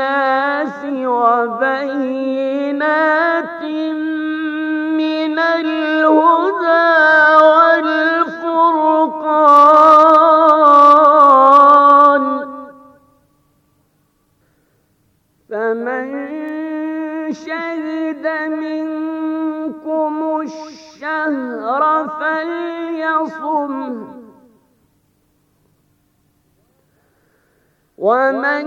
الناس وبينات من الهدى والفرقان فمن شهد منكم الشهر فليصمه ومن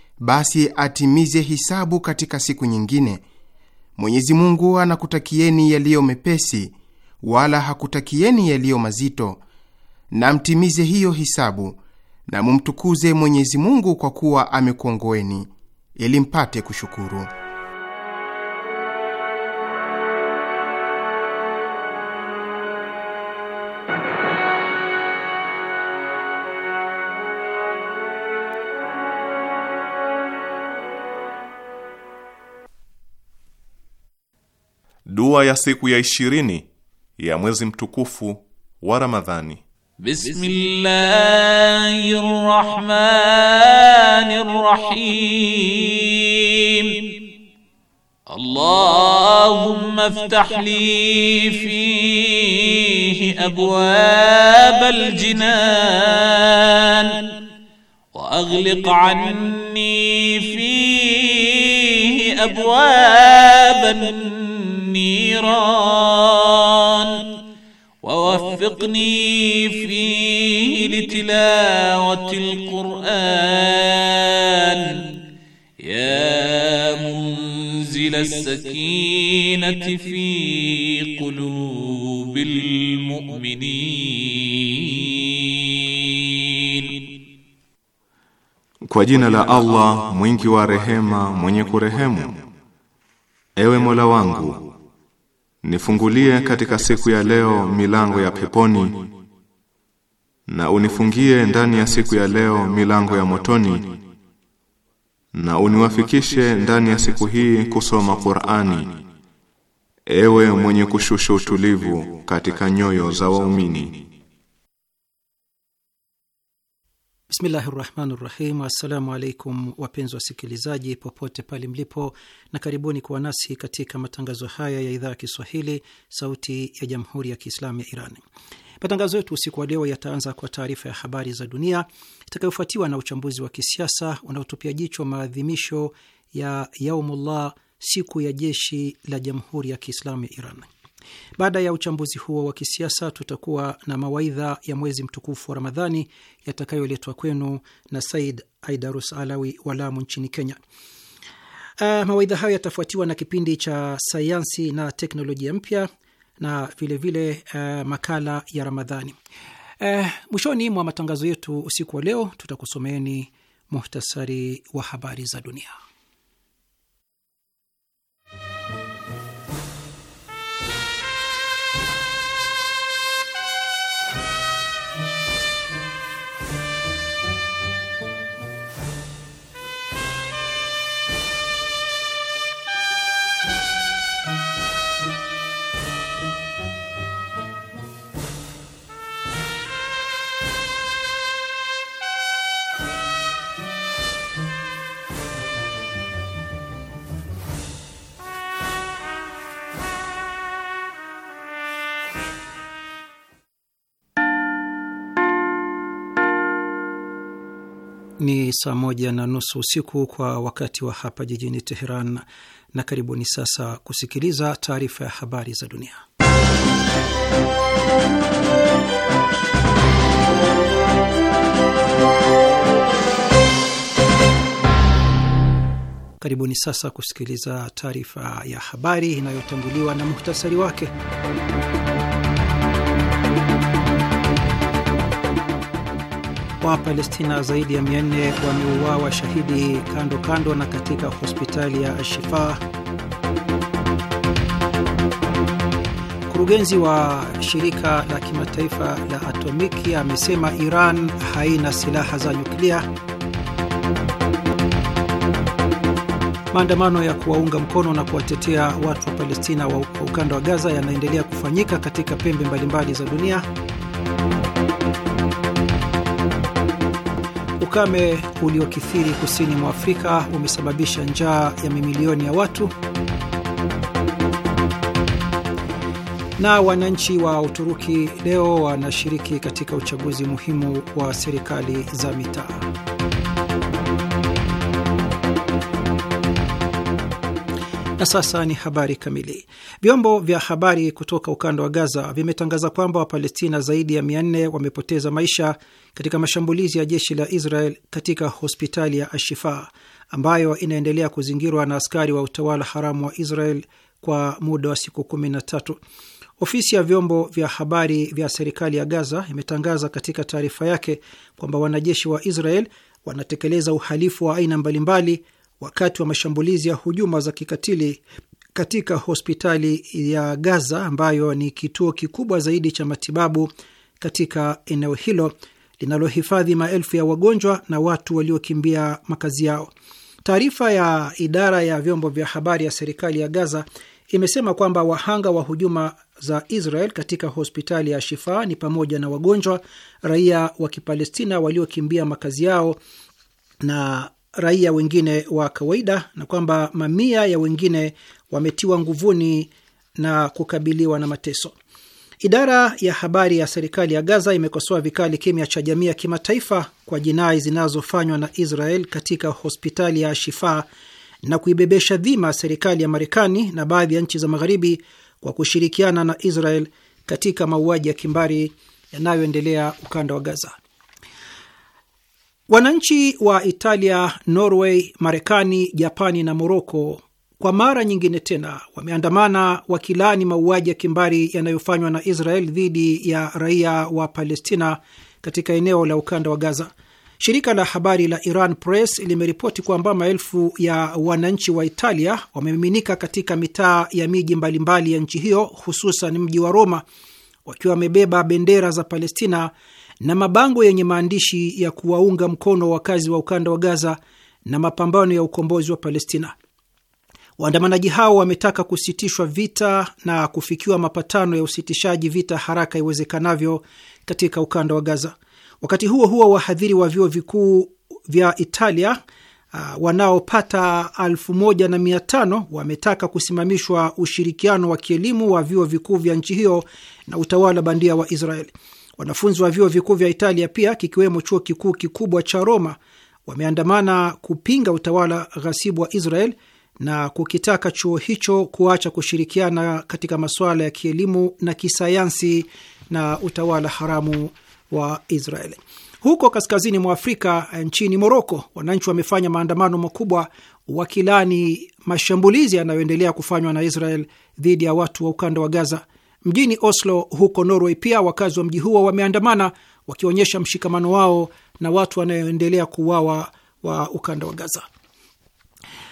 basi atimize hisabu katika siku nyingine. Mwenyezi Mungu anakutakieni yaliyo mepesi, wala hakutakieni yaliyo mazito, na mtimize hiyo hisabu na mumtukuze Mwenyezi Mungu kwa kuwa amekuongoeni ili mpate kushukuru. Dua ya siku ya ishirini ya mwezi mtukufu wa Ramadhani. Bismillahirrahmanirrahim. Allahumma iftah li fihi abwab aljinan wa aghliq anni fihi abwab النيران ووفقني فيه لتلاوة القرآن يا منزل السكينة في قلوب المؤمنين Kwa jina la Allah mwingi wa rehema mwenye kurehemu Ewe Mola wangu Nifungulie katika siku ya leo milango ya peponi na unifungie ndani ya siku ya leo milango ya motoni na uniwafikishe ndani ya siku hii kusoma Qur'ani ewe mwenye kushusha utulivu katika nyoyo za waumini Bismillahi rahmani rahim. Assalamu alaikum wapenzi wasikilizaji popote pale mlipo, na karibuni kuwa nasi katika matangazo haya ya idhaa ya Kiswahili sauti ya jamhuri ya Kiislamu ya Iran. Matangazo yetu usiku wa leo yataanza kwa taarifa ya habari za dunia itakayofuatiwa na uchambuzi wa kisiasa unaotupia jicho maadhimisho ya Yaumullah, siku ya jeshi la jamhuri ya Kiislamu ya Iran. Baada ya uchambuzi huo wa kisiasa, tutakuwa na mawaidha ya mwezi mtukufu wa Ramadhani yatakayoletwa kwenu na Said Aidarus Alawi wa Lamu nchini Kenya. Uh, mawaidha hayo yatafuatiwa na kipindi cha sayansi na teknolojia mpya na vilevile vile, uh, makala ya Ramadhani. Uh, mwishoni mwa matangazo yetu usiku wa leo tutakusomeeni muhtasari wa habari za dunia. ni saa moja na nusu usiku kwa wakati wa hapa jijini Teheran, na karibuni sasa kusikiliza taarifa ya habari za dunia. Karibuni sasa kusikiliza taarifa ya habari inayotanguliwa na muhtasari wake. Wapalestina zaidi ya 400 wameuawa shahidi kando kando na katika hospitali ya Ashifa. Mkurugenzi wa shirika la kimataifa la atomiki amesema Iran haina silaha za nyuklia. Maandamano ya kuwaunga mkono na kuwatetea watu wa Palestina wa ukanda wa Gaza yanaendelea kufanyika katika pembe mbalimbali za dunia. Ukame uliokithiri kusini mwa Afrika umesababisha njaa ya mamilioni ya watu. Na wananchi wa Uturuki leo wanashiriki katika uchaguzi muhimu wa serikali za mitaa. Na sasa ni habari kamili. Vyombo vya habari kutoka ukanda wa Gaza vimetangaza kwamba Wapalestina zaidi ya 400 wamepoteza maisha katika mashambulizi ya jeshi la Israel katika hospitali ya Ashifa ambayo inaendelea kuzingirwa na askari wa utawala haramu wa Israel kwa muda wa siku 13. Ofisi ya vyombo vya habari vya serikali ya Gaza imetangaza katika taarifa yake kwamba wanajeshi wa Israel wanatekeleza uhalifu wa aina mbalimbali wakati wa mashambulizi ya hujuma za kikatili katika hospitali ya Gaza ambayo ni kituo kikubwa zaidi cha matibabu katika eneo hilo linalohifadhi maelfu ya wagonjwa na watu waliokimbia makazi yao. Taarifa ya idara ya vyombo vya habari ya serikali ya Gaza imesema kwamba wahanga wa hujuma za Israel katika hospitali ya Shifa ni pamoja na wagonjwa, raia wa Kipalestina waliokimbia makazi yao na raia wengine wa kawaida na kwamba mamia ya wengine wametiwa nguvuni na kukabiliwa na mateso. Idara ya habari ya serikali ya Gaza imekosoa vikali kimya cha jamii ya kimataifa kwa jinai zinazofanywa na Israel katika hospitali ya Shifa na kuibebesha dhima serikali ya Marekani na baadhi ya nchi za Magharibi kwa kushirikiana na Israel katika mauaji ya kimbari yanayoendelea ukanda wa Gaza. Wananchi wa Italia, Norway, Marekani, Japani na Moroko kwa mara nyingine tena wameandamana wakilaani mauaji ya kimbari yanayofanywa na Israel dhidi ya raia wa Palestina katika eneo la ukanda wa Gaza. Shirika la habari la Iran Press limeripoti kwamba maelfu ya wananchi wa Italia wamemiminika katika mitaa ya miji mbalimbali ya nchi hiyo, hususan mji wa Roma, wakiwa wamebeba bendera za Palestina na mabango yenye maandishi ya kuwaunga mkono wakazi wa ukanda wa Gaza na mapambano ya ukombozi wa Palestina. Waandamanaji hao wametaka kusitishwa vita na kufikiwa mapatano ya usitishaji vita haraka iwezekanavyo katika ukanda wa Gaza. Wakati huo huo, wahadhiri wa vyuo vikuu vya Italia uh, wanaopata elfu moja na mia tano wametaka kusimamishwa ushirikiano wa kielimu wa vyuo vikuu vya nchi hiyo na utawala bandia wa Israeli. Wanafunzi wa vyuo vikuu vya Italia pia kikiwemo chuo kikuu kikubwa cha Roma wameandamana kupinga utawala ghasibu wa Israel na kukitaka chuo hicho kuacha kushirikiana katika masuala ya kielimu na kisayansi na utawala haramu wa israel Huko kaskazini mwa Afrika, nchini Moroko, wananchi wamefanya maandamano makubwa wakilani mashambulizi yanayoendelea kufanywa na Israel dhidi ya watu wa ukanda wa Gaza. Mjini Oslo huko Norway pia wakazi wa mji huo wameandamana wakionyesha mshikamano wao na watu wanaoendelea kuuawa wa ukanda wa Gaza.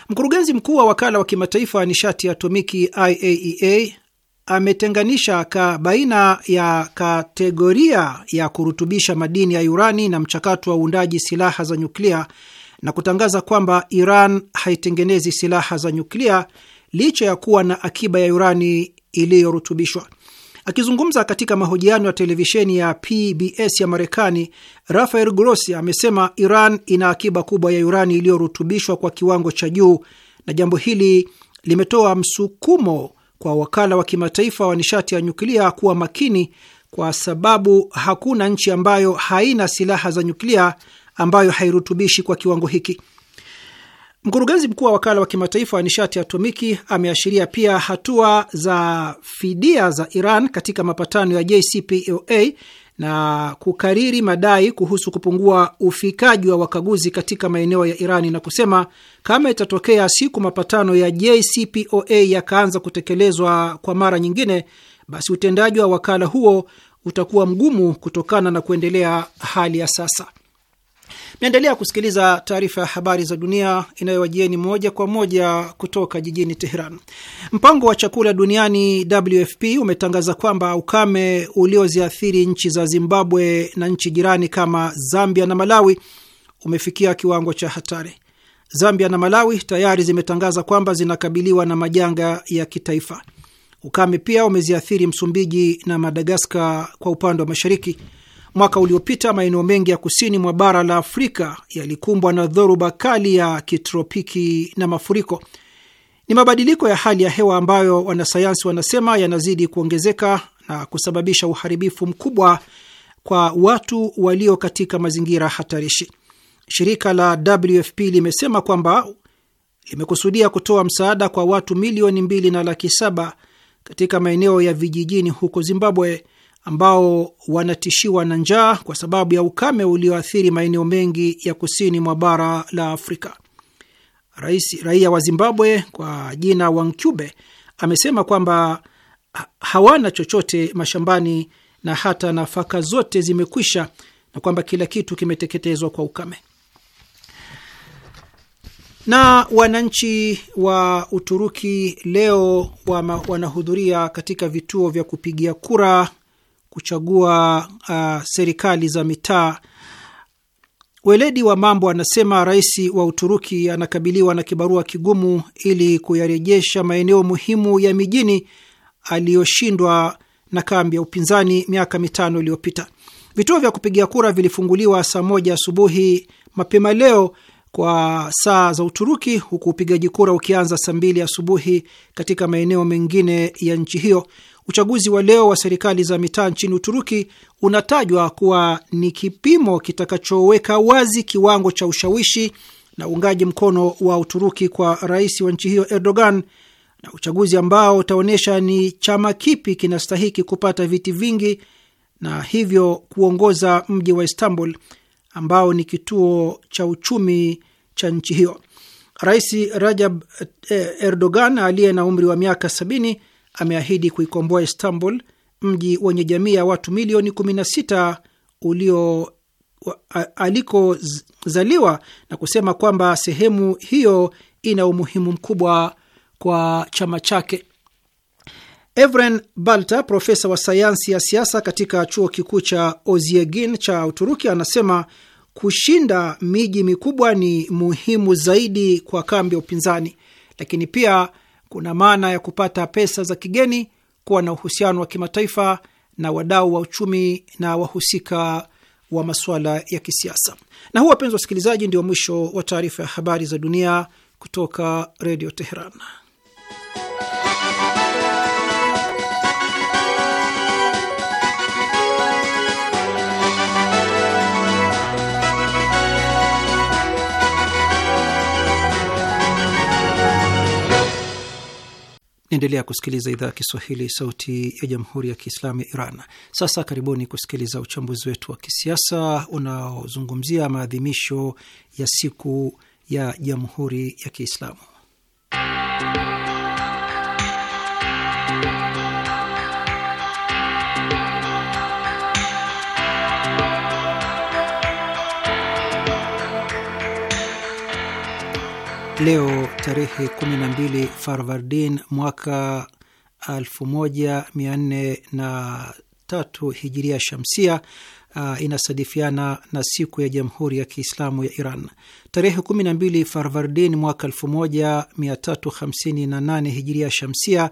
Mkurugenzi mkuu wa wakala wa kimataifa wa nishati ya atomiki IAEA e ametenganisha ka baina ya kategoria ya kurutubisha madini ya urani na mchakato wa uundaji silaha za nyuklia na kutangaza kwamba Iran haitengenezi silaha za nyuklia licha ya kuwa na akiba ya urani iliyorutubishwa. Akizungumza katika mahojiano ya televisheni ya PBS ya Marekani, Rafael Grossi amesema Iran ina akiba kubwa ya urani iliyorutubishwa kwa kiwango cha juu, na jambo hili limetoa msukumo kwa wakala wa kimataifa wa nishati ya nyuklia kuwa makini, kwa sababu hakuna nchi ambayo haina silaha za nyuklia ambayo hairutubishi kwa kiwango hiki. Mkurugenzi mkuu wa wakala wa kimataifa wa nishati ya atomiki ameashiria pia hatua za fidia za Iran katika mapatano ya JCPOA na kukariri madai kuhusu kupungua ufikaji wa wakaguzi katika maeneo ya Irani na kusema kama itatokea siku mapatano ya JCPOA yakaanza kutekelezwa kwa mara nyingine, basi utendaji wa wakala huo utakuwa mgumu kutokana na kuendelea hali ya sasa naendelea kusikiliza taarifa ya habari za dunia inayowajieni moja kwa moja kutoka jijini Teheran. Mpango wa chakula duniani WFP umetangaza kwamba ukame ulioziathiri nchi za Zimbabwe na nchi jirani kama Zambia na Malawi umefikia kiwango cha hatari. Zambia na Malawi tayari zimetangaza kwamba zinakabiliwa na majanga ya kitaifa. Ukame pia umeziathiri Msumbiji na Madagaskar kwa upande wa mashariki. Mwaka uliopita maeneo mengi ya kusini mwa bara la Afrika yalikumbwa na dhoruba kali ya kitropiki na mafuriko. Ni mabadiliko ya hali ya hewa ambayo wanasayansi wanasema yanazidi kuongezeka na kusababisha uharibifu mkubwa kwa watu walio katika mazingira hatarishi. Shirika la WFP limesema kwamba limekusudia kutoa msaada kwa watu milioni mbili na laki saba katika maeneo ya vijijini huko Zimbabwe ambao wanatishiwa na njaa kwa sababu ya ukame ulioathiri maeneo mengi ya kusini mwa bara la Afrika. Rais, raia wa Zimbabwe kwa jina Wankube amesema kwamba hawana chochote mashambani na hata nafaka zote zimekwisha na kwamba kila kitu kimeteketezwa kwa ukame. Na wananchi wa Uturuki leo wanahudhuria katika vituo vya kupigia kura kuchagua uh, serikali za mitaa. Weledi wa mambo anasema rais wa Uturuki anakabiliwa na kibarua kigumu ili kuyarejesha maeneo muhimu ya mijini aliyoshindwa na kambi ya upinzani miaka mitano iliyopita. Vituo vya kupigia kura vilifunguliwa saa moja asubuhi mapema leo kwa saa za Uturuki, huku upigaji kura ukianza saa mbili asubuhi katika maeneo mengine ya nchi hiyo. Uchaguzi wa leo wa serikali za mitaa nchini Uturuki unatajwa kuwa ni kipimo kitakachoweka wazi kiwango cha ushawishi na uungaji mkono wa Uturuki kwa rais wa nchi hiyo Erdogan, na uchaguzi ambao utaonyesha ni chama kipi kinastahiki kupata viti vingi na hivyo kuongoza mji wa Istanbul ambao ni kituo cha uchumi cha nchi hiyo. Rais Rajab Erdogan aliye na umri wa miaka sabini ameahidi kuikomboa Istanbul, mji wenye jamii ya watu milioni 16 ulio alikozaliwa na kusema kwamba sehemu hiyo ina umuhimu mkubwa kwa chama chake. Evren Balta, profesa wa sayansi ya siasa katika chuo kikuu cha Oziegin cha Uturuki, anasema kushinda miji mikubwa ni muhimu zaidi kwa kambi ya upinzani, lakini pia kuna maana ya kupata pesa za kigeni, kuwa na uhusiano wa kimataifa na wadau wa uchumi na wahusika wa masuala ya kisiasa. Na huu, wapenzi wasikilizaji, ndio mwisho wa taarifa ya habari za dunia kutoka Redio Teheran. Naendelea kusikiliza idhaa ya Kiswahili, sauti ya jamhuri ya kiislamu ya Iran. Sasa karibuni kusikiliza uchambuzi wetu wa kisiasa unaozungumzia maadhimisho ya siku ya jamhuri ya kiislamu Leo tarehe 12 Farvardin mwaka 1403 hijiria shamsia, uh, inasadifiana na siku ya Jamhuri ya Kiislamu ya Iran. Tarehe 12 Farvardin mwaka 1358 hijiria shamsia,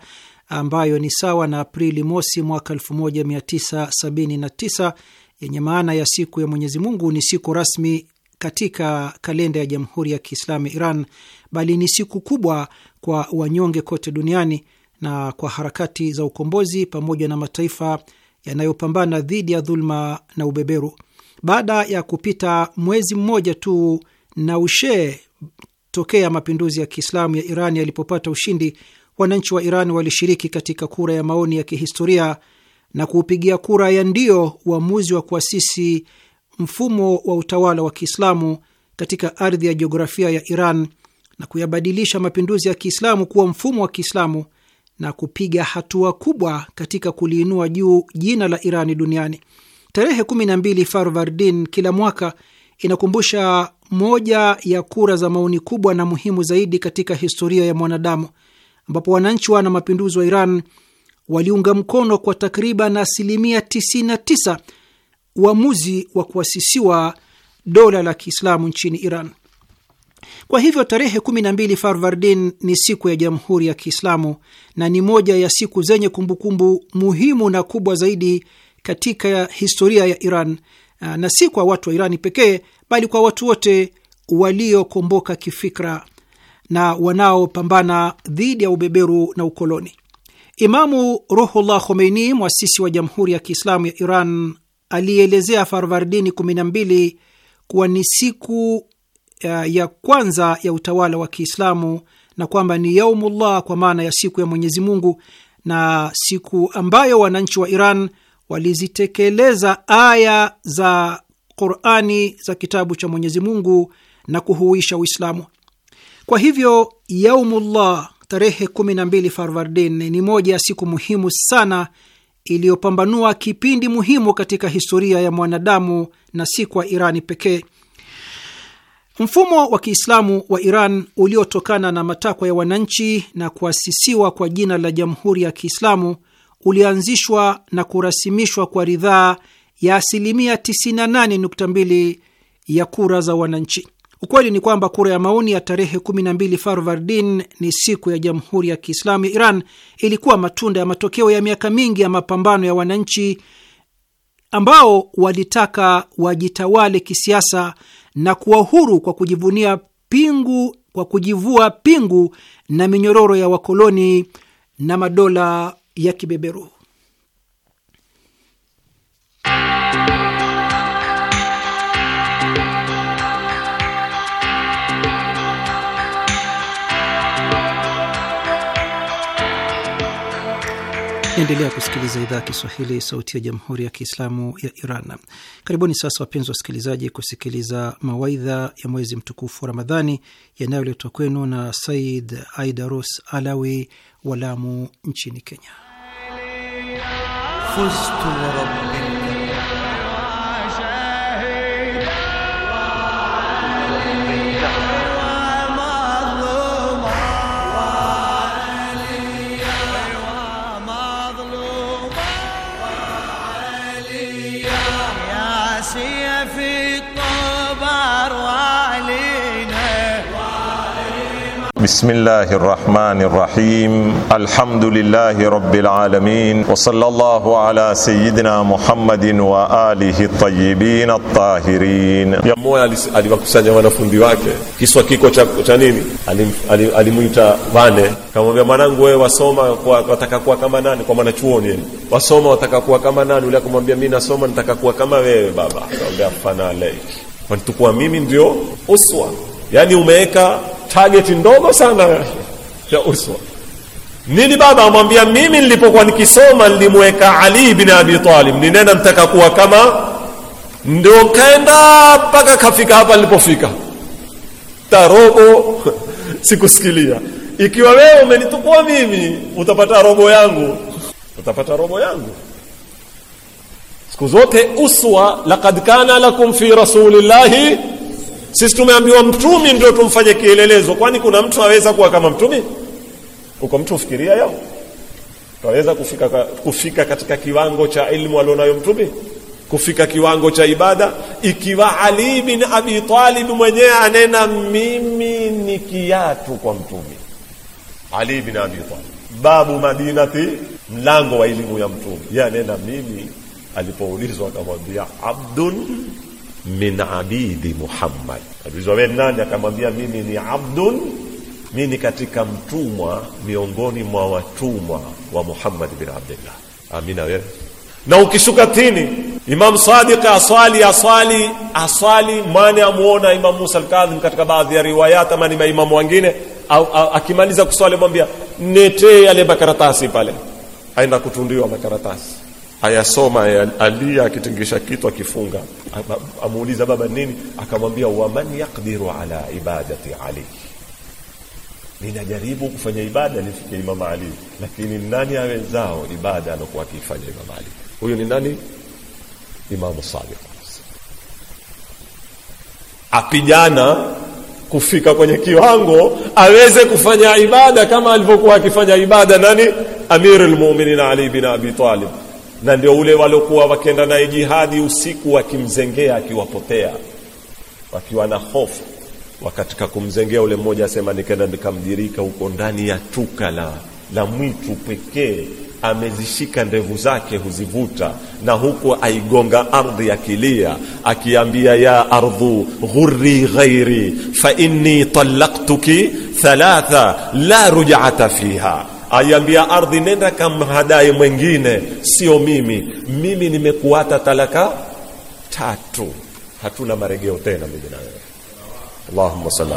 ambayo ni sawa na Aprili mosi mwaka 1979, yenye maana ya siku ya Mwenyezi Mungu, ni siku rasmi katika kalenda ya Jamhuri ya Kiislamu Iran, bali ni siku kubwa kwa wanyonge kote duniani na kwa harakati za ukombozi pamoja na mataifa yanayopambana dhidi ya dhuluma na ubeberu. Baada ya kupita mwezi mmoja tu na ushee tokea mapinduzi ya Kiislamu ya Iran yalipopata ushindi, wananchi wa Iran walishiriki katika kura ya maoni ya kihistoria na kuupigia kura ya ndio uamuzi wa kuasisi mfumo wa utawala wa Kiislamu katika ardhi ya jiografia ya Iran na kuyabadilisha mapinduzi ya Kiislamu kuwa mfumo wa Kiislamu na kupiga hatua kubwa katika kuliinua juu jina la Irani duniani. Tarehe 12 Farvardin kila mwaka inakumbusha moja ya kura za maoni kubwa na muhimu zaidi katika historia ya mwanadamu, ambapo wananchi wana mapinduzi wa Iran waliunga mkono kwa takriban asilimia 99 uamuzi wa kuasisiwa dola la Kiislamu nchini Iran. Kwa hivyo tarehe 12 Farvardin ni siku ya Jamhuri ya Kiislamu na ni moja ya siku zenye kumbukumbu muhimu na kubwa zaidi katika historia ya Iran, na si kwa watu wa Irani pekee, bali kwa watu wote waliokomboka kifikra na wanaopambana dhidi ya ubeberu na ukoloni. Imamu Ruhullah Khomeini, mwasisi wa Jamhuri ya Kiislamu ya Iran alielezea Farvardini 12 kuwa ni siku eh, ya kwanza ya utawala wa Kiislamu na kwamba ni yaumullah kwa maana ya siku ya Mwenyezi Mungu na siku ambayo wananchi wa Iran walizitekeleza aya za Qurani za kitabu cha Mwenyezi Mungu na kuhuisha Uislamu. Kwa hivyo yaumullah tarehe 12 Farvardin ni moja ya siku muhimu sana iliyopambanua kipindi muhimu katika historia ya mwanadamu na si kwa Irani pekee. Mfumo wa Kiislamu wa Iran uliotokana na matakwa ya wananchi na kuasisiwa kwa jina la Jamhuri ya Kiislamu ulianzishwa na kurasimishwa kwa ridhaa ya asilimia 98.2 ya kura za wananchi. Ukweli ni kwamba kura ya maoni ya tarehe 12 Farvardin ni siku ya Jamhuri ya Kiislamu ya Iran ilikuwa matunda ya matokeo ya miaka mingi ya mapambano ya wananchi ambao walitaka wajitawale kisiasa na kuwa huru kwa kujivunia pingu kwa kujivua pingu na minyororo ya wakoloni na madola ya kibeberu. Naendelea kusikiliza idhaa ya Kiswahili, sauti ya jamhuri ya kiislamu ya Iran. Karibuni sasa, wapenzi wasikilizaji, kusikiliza mawaidha ya mwezi mtukufu wa Ramadhani yanayoletwa kwenu na Said Aidarus Alawi wa Lamu nchini Kenya. بسم الله الرحمن الرحيم الحمد لله رب العالمين وصلى الله على سيدنا محمد وآله الطيبين الطاهرين moya aliwakusanya wanafunzi wake kiswa kiko cha, cha nini alimwita wane kamwambia mwanangu wewe wasoma wataka kuwa kama nani kwa mwanachuoni wasoma wataka kuwa kama nani ule akamwambia mi nasoma nataka kuwa kama wewe baba akamwambia fana alaiki wanitukuwa mimi ndio uswa yani umeweka target ndogo sana ya uswa nini baba amwambia mimi nilipokuwa nikisoma nilimweka ali ibn abi talib ninena nitaka kuwa kama ndio kaenda mpaka kafika hapa nilipofika tarobo sikusikilia ikiwa wewe umenitukua mimi utapata robo yangu utapata robo yangu siku zote uswa laqad kana lakum fi rasulillahi sisi tumeambiwa mtumi ndio tumfanye kielelezo, kwani kuna mtu aweza kuwa kama mtumi? Uko mtu ufikiria yao twaweza kufika, kufika katika kiwango cha ilmu alionayo mtumi, kufika kiwango cha ibada? Ikiwa Ali bin Abi Talib mwenyewe anena mimi ni kiatu kwa mtumi, Ali bin Abi Talib babu Madinati, mlango wa elimu ya mtume yanena mimi, alipoulizwa akamwambia abdun min abidi Muhammad. Aliulizwa wewe nani? Akamwambia mimi ni abdun, mimi katika mtumwa miongoni mwa watumwa wa Muhammad bin Abdullah. Amina wewe na ukishuka tini, Imam Sadiq aswali aswali aswali, mane amuona Imam Musa al-Kadhim katika baadhi ya riwayat, ama ni maimamu wengine au, akimaliza kuswali mwambia nete yale makaratasi pale, aenda kutundiwa makaratasi ayasoma eh, aliya akitingisha kitu akifunga amuuliza baba nini akamwambia waman yaqdiru ala ibadati ali ninajaribu kufanya ibada nifike Imam Ali lakini nani awezao ibada alokuwa akifanya Imam Ali huyo ni nani Imam Sadiq apijana kufika kwenye kiwango aweze kufanya ibada kama alivyokuwa akifanya ibada nani Amirul Mu'minin Ali bin Abi Talib na ndio ule waliokuwa wakenda naye jihadi usiku wakimzengea akiwapotea wakiwa na hofu wakatika kumzengea ule mmoja asema nikaenda nikamdirika huko ndani ya tuka la, la mwitu pekee amezishika ndevu zake huzivuta na huku aigonga ardhi akilia akiambia ya ardhu ghurri ghairi fa inni talaktuki thalatha la rujata fiha aiambia ardhi, nenda kamhadae mwengine, sio mimi. Mimi nimekuata talaka tatu, hatuna maregeo tena mimi na wewe. Allahumma salli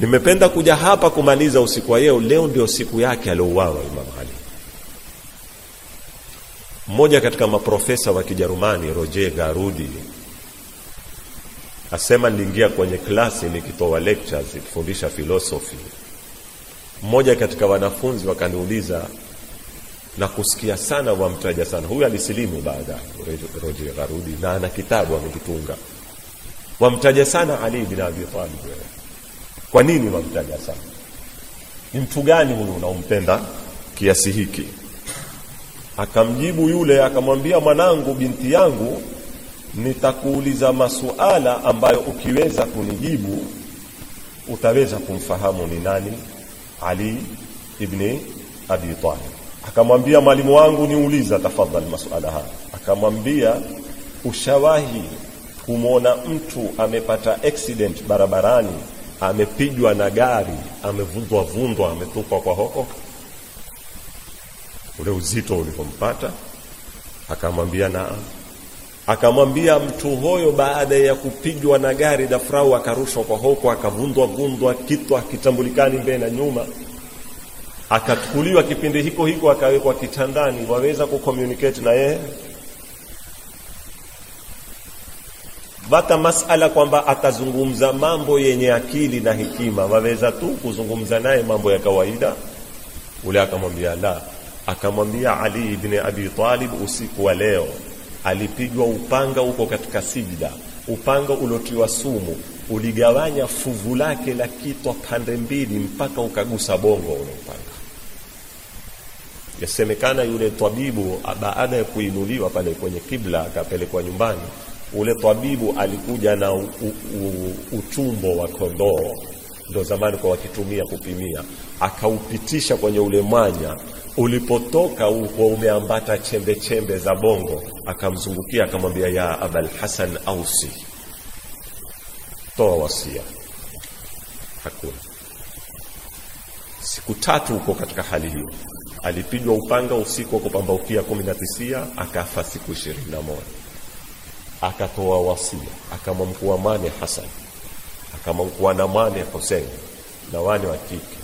Nimependa kuja hapa kumaliza usiku wa leo. Leo ndio siku yake aliouawa Imam Ali. Mmoja katika maprofesa wa Kijerumani Roger Garudi asema, niliingia kwenye klasi nikitoa lectures nikifundisha philosophy mmoja katika wanafunzi wakaniuliza na kusikia sana, wamtaja sana huyu, alisilimu baada roje Gharudi na ana kitabu amekitunga, wamtaja sana Ali bin Abi Talib. Kwa nini wamtaja sana? Ni mtu gani huyu unaompenda kiasi hiki? Akamjibu yule akamwambia, mwanangu, binti yangu, nitakuuliza masuala ambayo ukiweza kunijibu utaweza kumfahamu ni nani ali ibni Abi Talib. Akamwambia mwalimu wangu, niuliza tafadhali masuala haya. Akamwambia, ushawahi kumwona mtu amepata accident barabarani, amepigwa na gari, amevundwa vundwa, ametupwa kwa hoko? Ule uzito ulivyompata, akamwambia naam akamwambia mtu huyo baada ya kupigwa na gari dafrau akarushwa kwa hoko akavundwa gundwa kitwa kitambulikani mbele na nyuma akachukuliwa kipindi hiko hiko akawekwa kitandani waweza kucommunicate na yeye bata masala kwamba atazungumza mambo yenye akili na hekima waweza tu kuzungumza naye mambo ya kawaida ule akamwambia la akamwambia ali ibn abi talib usiku wa leo alipigwa upanga huko katika sijida, upanga uliotiwa sumu uligawanya fuvu lake la kitwa pande mbili mpaka ukagusa bongo ule upanga. Yasemekana yule twabibu baada ya kuinuliwa pale kwenye kibla akapelekwa nyumbani, ule twabibu alikuja na u, u, u, utumbo wa kondoo ndo zamani kwa wakitumia kupimia akaupitisha kwenye ule mwanya ulipotoka huko umeambata chembe chembe za bongo akamzungukia akamwambia ya abal hasan ausi toa wasia hakuna siku tatu huko katika hali hiyo alipigwa upanga usiku wa kupambaukia tisia akafa siku ishirini na moja akatoa wasia akamwamkua mane hasan kama na mwane Hussein na wane wa kike.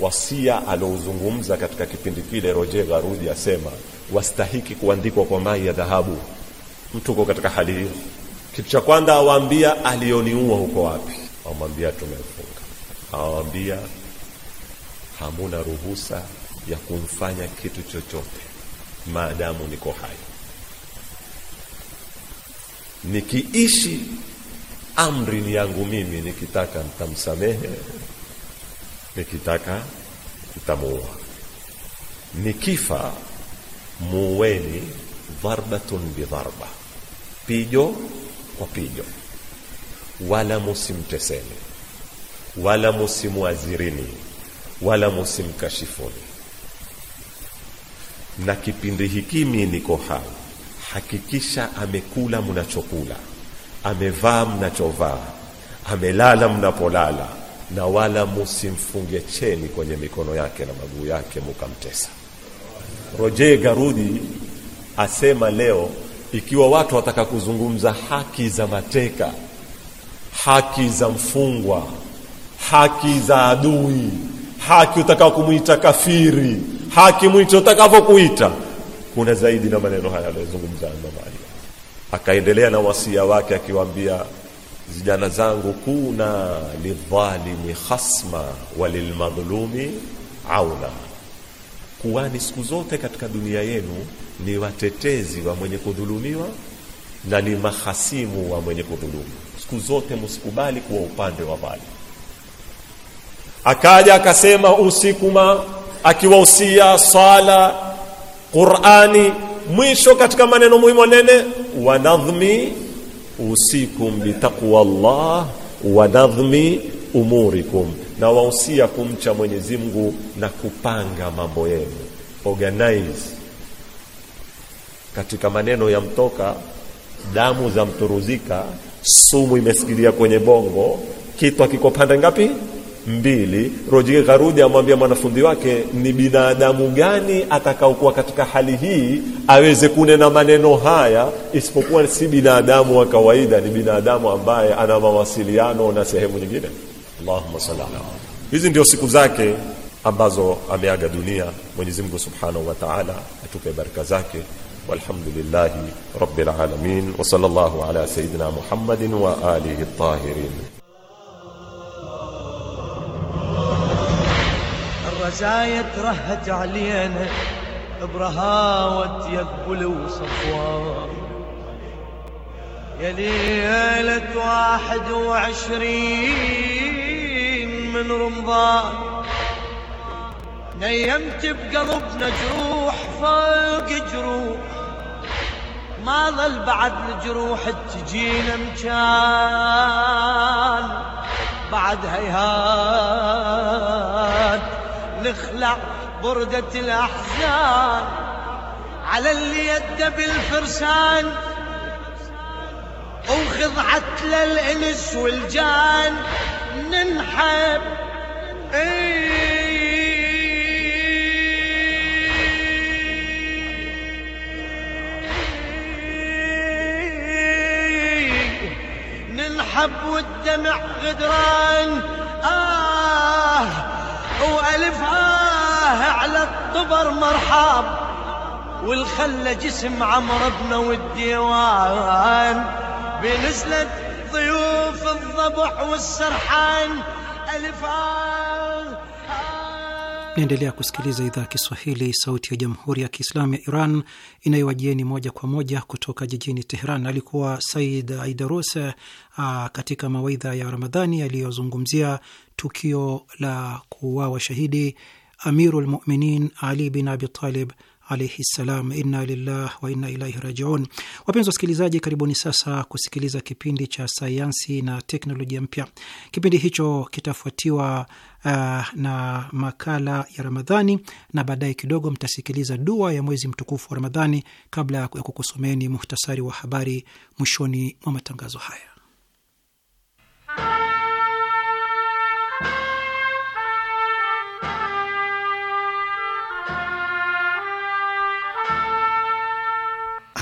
Wasia aliozungumza katika kipindi kile Roger Garudi asema wastahiki kuandikwa kwa mai ya dhahabu. Mtu uko katika hali hiyo, kitu cha kwanza awaambia alioniua huko wapi? Awamwambia tumefunga. Awaambia hamuna ruhusa ya kumfanya kitu chochote maadamu niko hai, nikiishi amri ni yangu mimi, nikitaka nitamsamehe, nikitaka nitamuua, nikifa muweni dharbatun bidharba, pijo kwa pijo, wala musimteseni, wala musimuazirini, wala musimkashifuni. Na kipindi hiki mi niko hai, hakikisha amekula mnachokula amevaa mnachovaa, amelala mnapolala, na wala musimfunge cheni kwenye mikono yake na maguu yake mukamtesa. roje Garudi asema leo ikiwa watu wataka kuzungumza haki za mateka, haki za mfungwa, haki za adui, haki utakao kumwita kafiri, haki mwite utakavyokuita, kuna zaidi na maneno haya aliyozungumza Imam akaendelea na wasia wake akiwaambia vijana zangu kuna lidhalimi khasma walilmadhlumi auna kuwani siku zote katika dunia yenu ni watetezi wa mwenye kudhulumiwa na ni mahasimu wa mwenye kudhulumu siku zote msikubali kuwa upande wa bali akaja akasema usiku ma akiwahusia sala qurani mwisho katika maneno muhimu nene wanadhmi usikum bitaqwallah wanadhmi umurikum na wausia kumcha Mwenyezi Mungu na kupanga mambo yenu organize katika maneno ya mtoka damu za mturuzika sumu imesikilia kwenye bongo kitwa kiko pande ngapi mbili Roger Garudi amwambia mwanafunzi wake ni binadamu gani atakaokuwa katika hali hii aweze kunena maneno haya, isipokuwa si binadamu wa kawaida, ni binadamu ambaye ana mawasiliano na sehemu nyingine. Allahumma salla. ala. Hizi ndio siku zake ambazo ameaga dunia. Mwenyezi Mungu Subhanahu wa Ta'ala atupe baraka zake. Walhamdulillahi rabbil alamin wa sallallahu ala sayidina Muhammadin wa alihi tahirin. الرزايا ترهت علينا برهاوة يقبل وصفوان يا ليلة واحد وعشرين من رمضان نيمت بقلبنا جروح فوق جروح ما ظل بعد الجروح تجينا مكان بعد هيهات نخلع بردة الأحزان على اللي يده بالفرسان وخضعت للإنس والجان ننحب ايه والدمع غدران آه وألفاه على الطبر مرحاب والخلى جسم عمر بن والديوان بنزلة ضيوف الضبح والسرحان ألفان Naendelea kusikiliza idhaa ya Kiswahili, sauti ya jamhuri ya kiislamu ya Iran inayowajieni moja kwa moja kutoka jijini Teheran. Alikuwa Said Aidarus ah, katika mawaidha ya Ramadhani yaliyozungumzia tukio la kuuawa shahidi Amirul Muminin Ali bin Abi Talib alaihi ssalam. Inna lillah wa inna ilaihi rajiun. Wapenzi wasikilizaji, karibuni sasa kusikiliza kipindi cha sayansi na teknolojia mpya. Kipindi hicho kitafuatiwa uh, na makala ya Ramadhani na baadaye kidogo mtasikiliza dua ya mwezi mtukufu wa Ramadhani kabla ya kukusomeni muhtasari wa habari mwishoni mwa matangazo haya.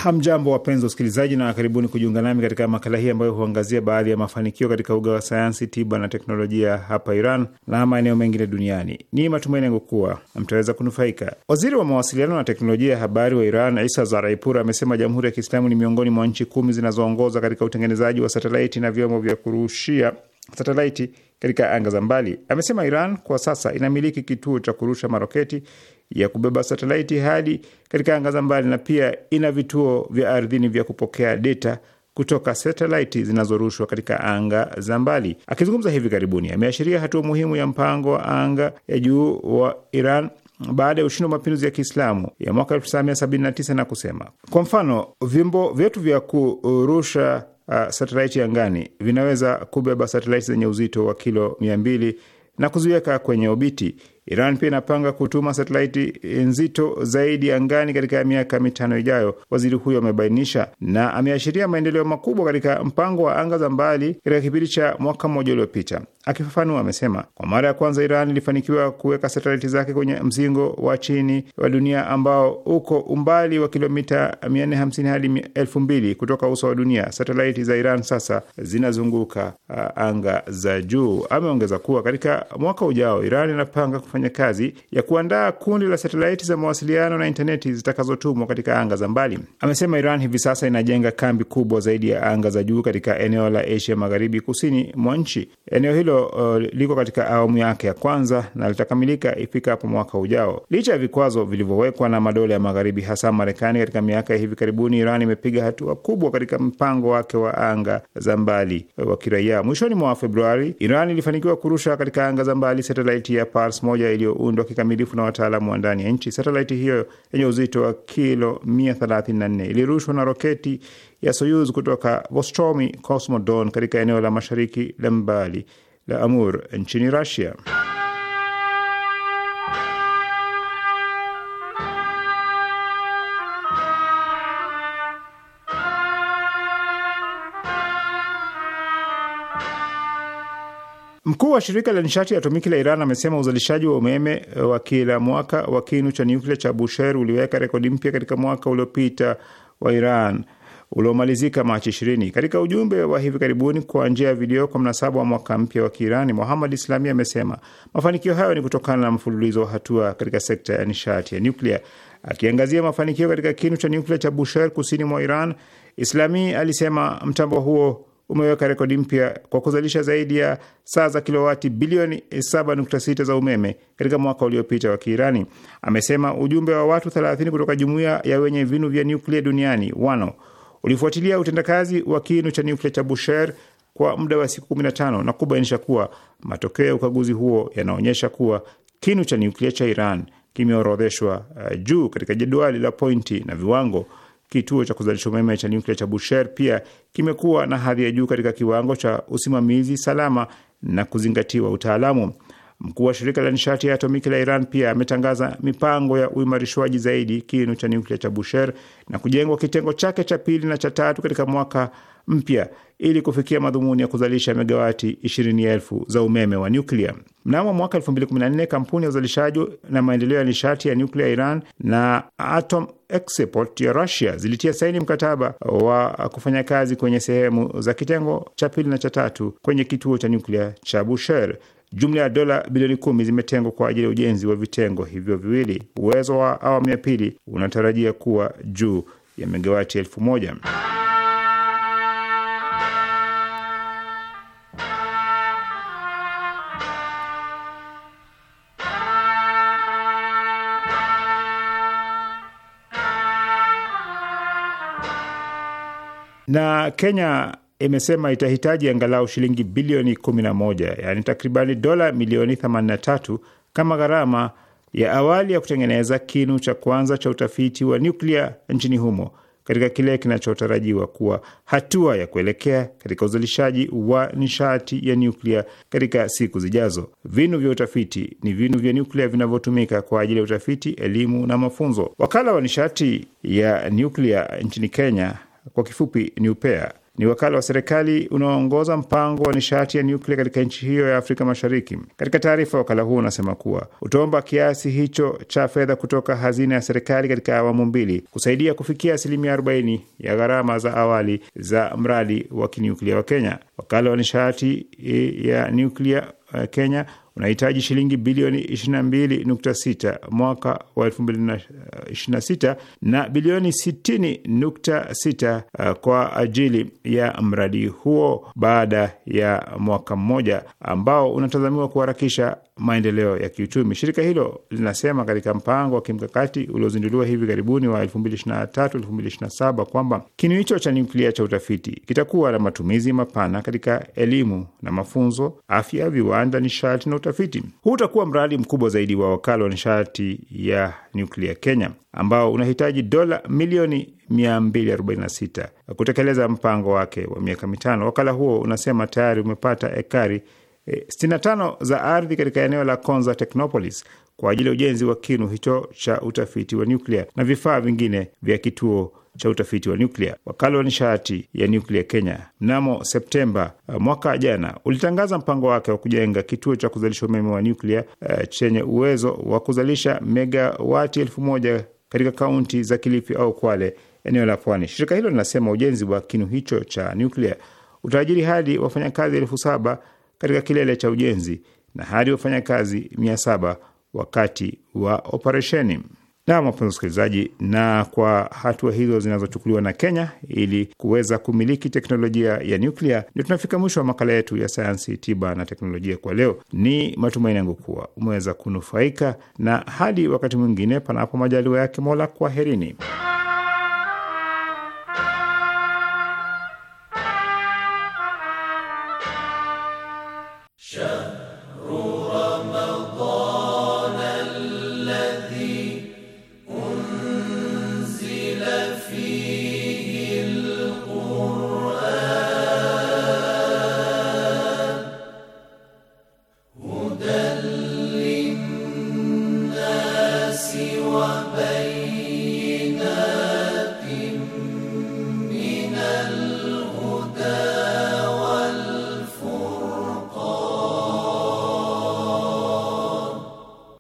Hamjambo, wapenzi wa usikilizaji, na karibuni kujiunga nami katika makala hii ambayo huangazia baadhi ya mafanikio katika uga wa sayansi, tiba na teknolojia hapa Iran na maeneo mengine duniani. Ni matumaini yangu kuwa mtaweza kunufaika. Waziri wa mawasiliano na teknolojia ya habari wa Iran, Isa Zaraipur, amesema Jamhuri ya Kiislamu ni miongoni mwa nchi kumi zinazoongoza katika utengenezaji wa satelaiti na vyombo vya kurushia satelaiti katika anga za mbali. Amesema Iran kwa sasa inamiliki kituo cha kurusha maroketi ya kubeba satelaiti hadi katika anga za mbali na pia ina vituo vya ardhini vya kupokea data kutoka satelaiti zinazorushwa katika anga za mbali. Akizungumza hivi karibuni, ameashiria hatua muhimu ya mpango wa anga ya juu wa Iran baada ya ushindi wa mapinduzi ya Kiislamu ya mwaka 1979 na kusema, kwa mfano, vyombo vyetu vya kurusha uh, satelaiti angani vinaweza kubeba satelaiti zenye uzito wa kilo 200 na kuziweka kwenye obiti. Iran pia inapanga kutuma satelaiti nzito zaidi angani katika miaka mitano ijayo, waziri huyo amebainisha, na ameashiria maendeleo makubwa katika mpango wa anga za mbali katika kipindi cha mwaka mmoja uliopita. Akifafanua amesema kwa mara ya kwanza Iran ilifanikiwa kuweka satelaiti zake kwenye mzingo wa chini wa dunia ambao uko umbali wa kilomita 450 hadi 2000 kutoka uso wa dunia. Satelaiti za Iran sasa zinazunguka uh, anga za juu. Ameongeza kuwa katika mwaka ujao Iran inapanga kufanya kazi ya kuandaa kundi la satelaiti za mawasiliano na intaneti zitakazotumwa katika anga za mbali. Amesema Iran hivi sasa inajenga kambi kubwa zaidi ya anga za juu katika eneo la Asia Magharibi kusini mwa nchi. Eneo hilo uh, liko katika awamu yake ya kwanza na litakamilika ifikapo mwaka ujao. Licha ya vikwazo vilivyowekwa na madola ya magharibi, hasa Marekani, katika miaka ya hivi karibuni, Iran imepiga hatua kubwa katika mpango wake wa anga za mbali wa kiraia. Mwishoni mwa Februari, Iran ilifanikiwa kurusha katika anga za mbali satelaiti ya Pars moja iliyoundwa kikamilifu na wataalamu wa ndani ya nchi. Satelaiti hiyo yenye uzito wa kilo 134 ilirushwa na roketi ya Soyuz kutoka vostomi cosmodon katika eneo la mashariki la mbali la Amur nchini Mkuu wa shirika la nishati ya atomiki la Iran amesema uzalishaji wa umeme wa kila mwaka wa kinu cha nyuklia cha Bushehr uliweka rekodi mpya katika mwaka uliopita wa Iran uliomalizika Machi ishirini. Katika ujumbe wa hivi karibuni kwa njia ya video kwa mnasaba wa mwaka mpya wa Kiirani, Mohammad Islami amesema mafanikio hayo ni kutokana na mfululizo wa hatua katika sekta ya nishati ya nyuklia. Akiangazia mafanikio katika kinu cha nyuklia cha Bushehr kusini mwa Iran, Islami alisema mtambo huo umeweka rekodi mpya kwa kuzalisha zaidi ya saa za kilowati bilioni 7.6 za umeme katika mwaka uliopita wa Kiirani. Amesema ujumbe wa watu 30 kutoka jumuiya ya wenye vinu vya nyuklia duniani wano ulifuatilia utendakazi wa kinu cha nyuklia cha Bushehr kwa muda wa siku 15 na kubainisha kuwa matokeo ya ukaguzi huo yanaonyesha kuwa kinu cha nyuklia cha Iran kimeorodheshwa uh, juu katika jedwali la pointi na viwango. Kituo cha kuzalisha umeme cha nyuklia cha Bushehr pia kimekuwa na hadhi ya juu katika kiwango cha usimamizi salama na kuzingatiwa utaalamu. Mkuu wa shirika la nishati ya atomiki la Iran pia ametangaza mipango ya uimarishwaji zaidi kinu cha nyuklia cha Bushehr na kujengwa kitengo chake cha pili na cha tatu katika mwaka mpya ili kufikia madhumuni ya kuzalisha megawati 20,000 za umeme wa nyuklia. Mnamo mwaka 2014 kampuni ya uzalishaji na maendeleo ya nishati ya nyuklia ya Iran na Atom Export ya Russia zilitia saini mkataba wa kufanya kazi kwenye sehemu za kitengo cha pili na cha tatu kwenye kituo cha nyuklia cha Bushehr. Jumla ya dola bilioni kumi zimetengwa kwa ajili ya ujenzi wa vitengo hivyo viwili. Uwezo wa awamu ya pili unatarajia kuwa juu ya megawati elfu moja. na Kenya imesema itahitaji angalau shilingi bilioni 11, yaani takribani dola milioni 83 kama gharama ya awali ya kutengeneza kinu cha kwanza cha utafiti wa nyuklia nchini humo katika kile kinachotarajiwa kuwa hatua ya kuelekea katika uzalishaji wa nishati ya nyuklia katika siku zijazo. Vinu vya utafiti ni vinu vya nyuklia vinavyotumika kwa ajili ya utafiti, elimu na mafunzo. Wakala wa nishati ya nyuklia nchini Kenya, kwa kifupi NUPEA, ni wakala wa serikali unaoongoza mpango wa nishati ya nyuklia katika nchi hiyo ya Afrika Mashariki. Katika taarifa, wakala huo unasema kuwa utaomba kiasi hicho cha fedha kutoka hazina ya serikali katika awamu mbili kusaidia kufikia asilimia 40 ya gharama za awali za mradi wa kinyuklia wa Kenya. Wakala wa nishati ya nyuklia eh, Kenya unahitaji shilingi bilioni 22.6 mwaka wa 2026 eh, na bilioni 60.6 eh, kwa ajili ya mradi huo baada ya mwaka mmoja ambao unatazamiwa kuharakisha maendeleo ya kiuchumi. Shirika hilo linasema katika mpango wa kimkakati uliozinduliwa hivi karibuni wa 2023-2027 kwamba kinu hicho cha nyuklia cha utafiti kitakuwa na matumizi mapana katika elimu na mafunzo, afya, viwanda, nishati na utafiti. Huu utakuwa mradi mkubwa zaidi wa wakala wa nishati ya nyuklia Kenya ambao unahitaji dola milioni 246 kutekeleza mpango wake wa miaka mitano. Wakala huo unasema tayari umepata ekari 65 e, za ardhi katika eneo la Konza Technopolis kwa ajili ya ujenzi wa kinu hicho cha utafiti wa nyuklia na vifaa vingine vya kituo cha utafiti wa nyuklia. Wakala wa nishati ya nyuklia Kenya mnamo Septemba e, mwaka jana ulitangaza mpango wake wa kujenga kituo cha kuzalisha umeme wa nyuklia uh, chenye uwezo wa kuzalisha megawati elfu moja katika kaunti za Kilifi au Kwale, eneo la Pwani. Shirika hilo linasema ujenzi wa kinu hicho cha nyuklia utaajiri hadi wafanyakazi elfu saba katika kilele cha ujenzi na hadi wafanyakazi mia saba wakati wa operesheni. Nam, wapenzi wasikilizaji, na kwa hatua hizo zinazochukuliwa na Kenya ili kuweza kumiliki teknolojia ya nyuklia, ndio tunafika mwisho wa makala yetu ya sayansi, tiba na teknolojia kwa leo. Ni matumaini yangu kuwa umeweza kunufaika, na hadi wakati mwingine, panapo majaliwa yake Mola, kwaherini.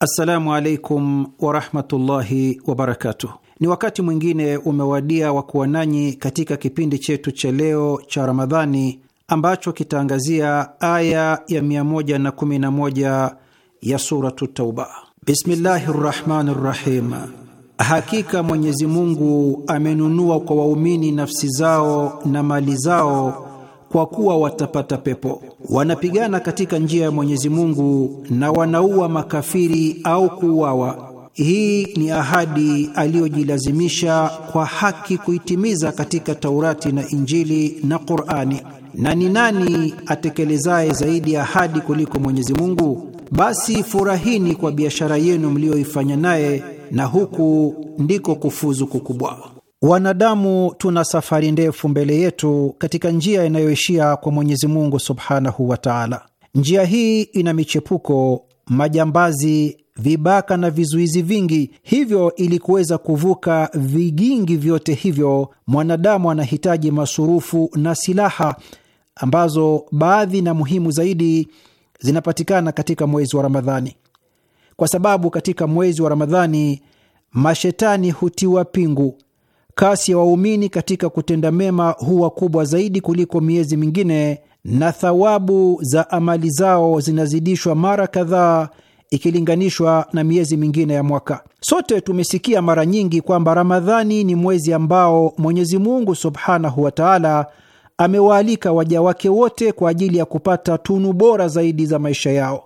Assalamu alaikum warahmatullahi wabarakatuh. Ni wakati mwingine umewadia wa kuwa nanyi katika kipindi chetu cha leo cha Ramadhani ambacho kitaangazia aya ya 111 ya Suratu Tauba. Bismillahi rrahmani rrahim, hakika Mwenyezi Mungu amenunua kwa waumini nafsi zao na mali zao kwa kuwa watapata pepo. Wanapigana katika njia ya Mwenyezi Mungu na wanaua makafiri au kuuawa. Hii ni ahadi aliyojilazimisha kwa haki kuitimiza katika Taurati na Injili na Qur'ani. Na ni nani atekelezaye zaidi ya ahadi kuliko Mwenyezi Mungu? Basi furahini kwa biashara yenu mliyoifanya naye, na huku ndiko kufuzu kukubwa. Wanadamu tuna safari ndefu mbele yetu katika njia inayoishia kwa Mwenyezi Mungu subhanahu wa taala. Njia hii ina michepuko, majambazi, vibaka na vizuizi vingi. Hivyo, ili kuweza kuvuka vigingi vyote hivyo, mwanadamu anahitaji masurufu na silaha ambazo baadhi na muhimu zaidi zinapatikana katika mwezi wa Ramadhani, kwa sababu katika mwezi wa Ramadhani mashetani hutiwa pingu kasi ya waumini katika kutenda mema huwa kubwa zaidi kuliko miezi mingine, na thawabu za amali zao zinazidishwa mara kadhaa ikilinganishwa na miezi mingine ya mwaka. Sote tumesikia mara nyingi kwamba Ramadhani ni mwezi ambao Mwenyezi Mungu subhanahu wa taala amewaalika waja wake wote kwa ajili ya kupata tunu bora zaidi za maisha yao,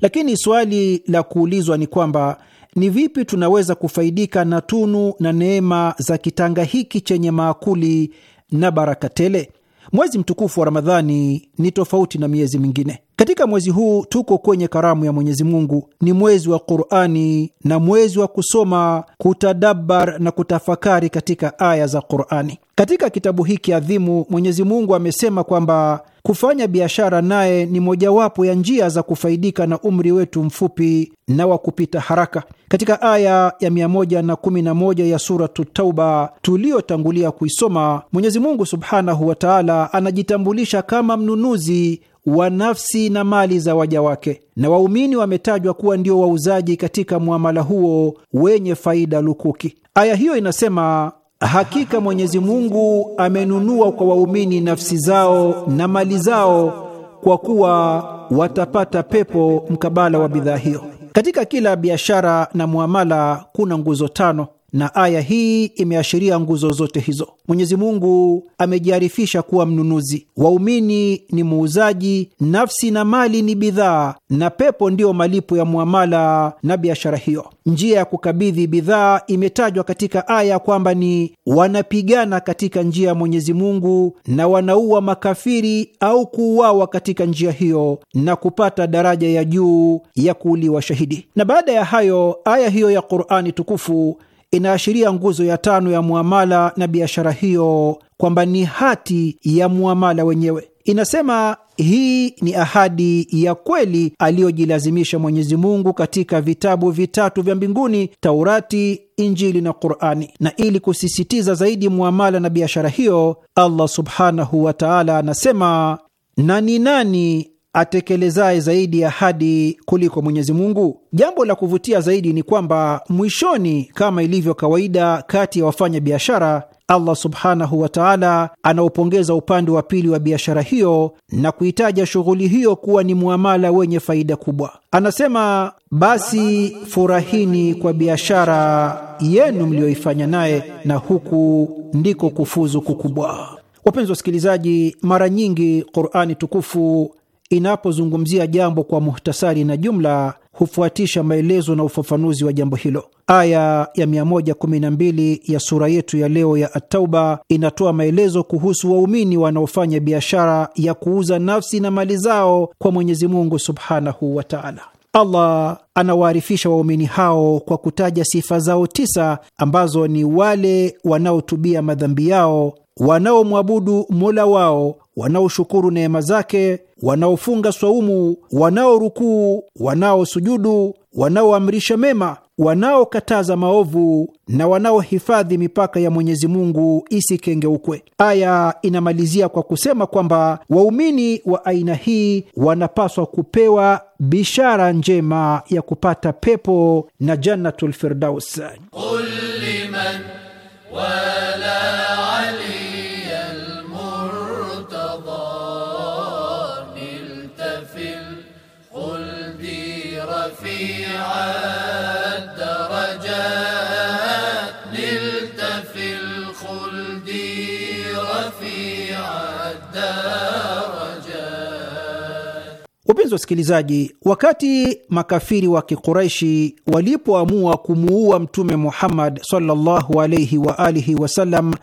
lakini swali la kuulizwa ni kwamba ni vipi tunaweza kufaidika na tunu na neema za kitanga hiki chenye maakuli na baraka tele? Mwezi mtukufu wa Ramadhani ni tofauti na miezi mingine. Katika mwezi huu tuko kwenye karamu ya Mwenyezi Mungu, ni mwezi wa Qurani na mwezi wa kusoma, kutadabbar na kutafakari katika aya za Qurani. Katika kitabu hiki adhimu, Mwenyezi Mungu amesema kwamba kufanya biashara naye ni mojawapo ya njia za kufaidika na umri wetu mfupi na wa kupita haraka. Katika aya ya 111 ya Suratu Tauba tuliyotangulia kuisoma, Mwenyezi Mungu subhanahu wa taala anajitambulisha kama mnunuzi wa nafsi na mali za waja wake, na waumini wametajwa kuwa ndio wauzaji katika mwamala huo wenye faida lukuki. Aya hiyo inasema Hakika Mwenyezi Mungu amenunua kwa waumini nafsi zao na mali zao kwa kuwa watapata pepo mkabala wa bidhaa hiyo. Katika kila biashara na muamala kuna nguzo tano na aya hii imeashiria nguzo zote hizo. Mwenyezi Mungu amejiarifisha kuwa mnunuzi, waumini ni muuzaji, nafsi na mali ni bidhaa, na pepo ndiyo malipo ya muamala na biashara hiyo. Njia ya kukabidhi bidhaa imetajwa katika aya kwamba ni wanapigana katika njia ya Mwenyezi Mungu na wanaua makafiri au kuuawa katika njia hiyo na kupata daraja ya juu ya kuuliwa shahidi. Na baada ya hayo aya hiyo ya Qur'ani tukufu inaashiria nguzo ya tano ya muamala na biashara hiyo, kwamba ni hati ya muamala wenyewe. Inasema hii ni ahadi ya kweli aliyojilazimisha Mwenyezi Mungu katika vitabu vitatu vya mbinguni, Taurati, Injili na Qurani. Na ili kusisitiza zaidi muamala na biashara hiyo, Allah subhanahu wa taala anasema, na ni nani atekelezaye zaidi ahadi kuliko Mwenyezi Mungu. Jambo la kuvutia zaidi ni kwamba mwishoni, kama ilivyo kawaida kati ya wafanya biashara, Allah subhanahu wa taala anaupongeza upande wa pili wa biashara hiyo na kuitaja shughuli hiyo kuwa ni muamala wenye faida kubwa. Anasema, basi furahini kwa biashara yenu mliyoifanya naye, na huku ndiko kufuzu kukubwa. Wapenzi wasikilizaji, mara nyingi Qurani tukufu inapozungumzia jambo kwa muhtasari na jumla hufuatisha maelezo na ufafanuzi wa jambo hilo. Aya ya 112 ya sura yetu ya leo ya Atauba inatoa maelezo kuhusu waumini wanaofanya biashara ya kuuza nafsi na mali zao kwa Mwenyezi Mungu subhanahu wa taala. Allah anawaarifisha waumini hao kwa kutaja sifa zao tisa ambazo ni wale wanaotubia madhambi yao, wanaomwabudu mola wao, wanaoshukuru neema zake wanaofunga swaumu, wanaorukuu, wanaosujudu, wanaoamrisha mema, wanaokataza maovu na wanaohifadhi mipaka ya Mwenyezi Mungu isikengeukwe. Aya inamalizia kwa kusema kwamba waumini wa aina hii wanapaswa kupewa bishara njema ya kupata pepo na Jannatul Firdaus. Wapenzi wasikilizaji, wakati makafiri wa Kikuraishi walipoamua kumuua Mtume Muhammad sallallahu alaihi wa alihi wasallam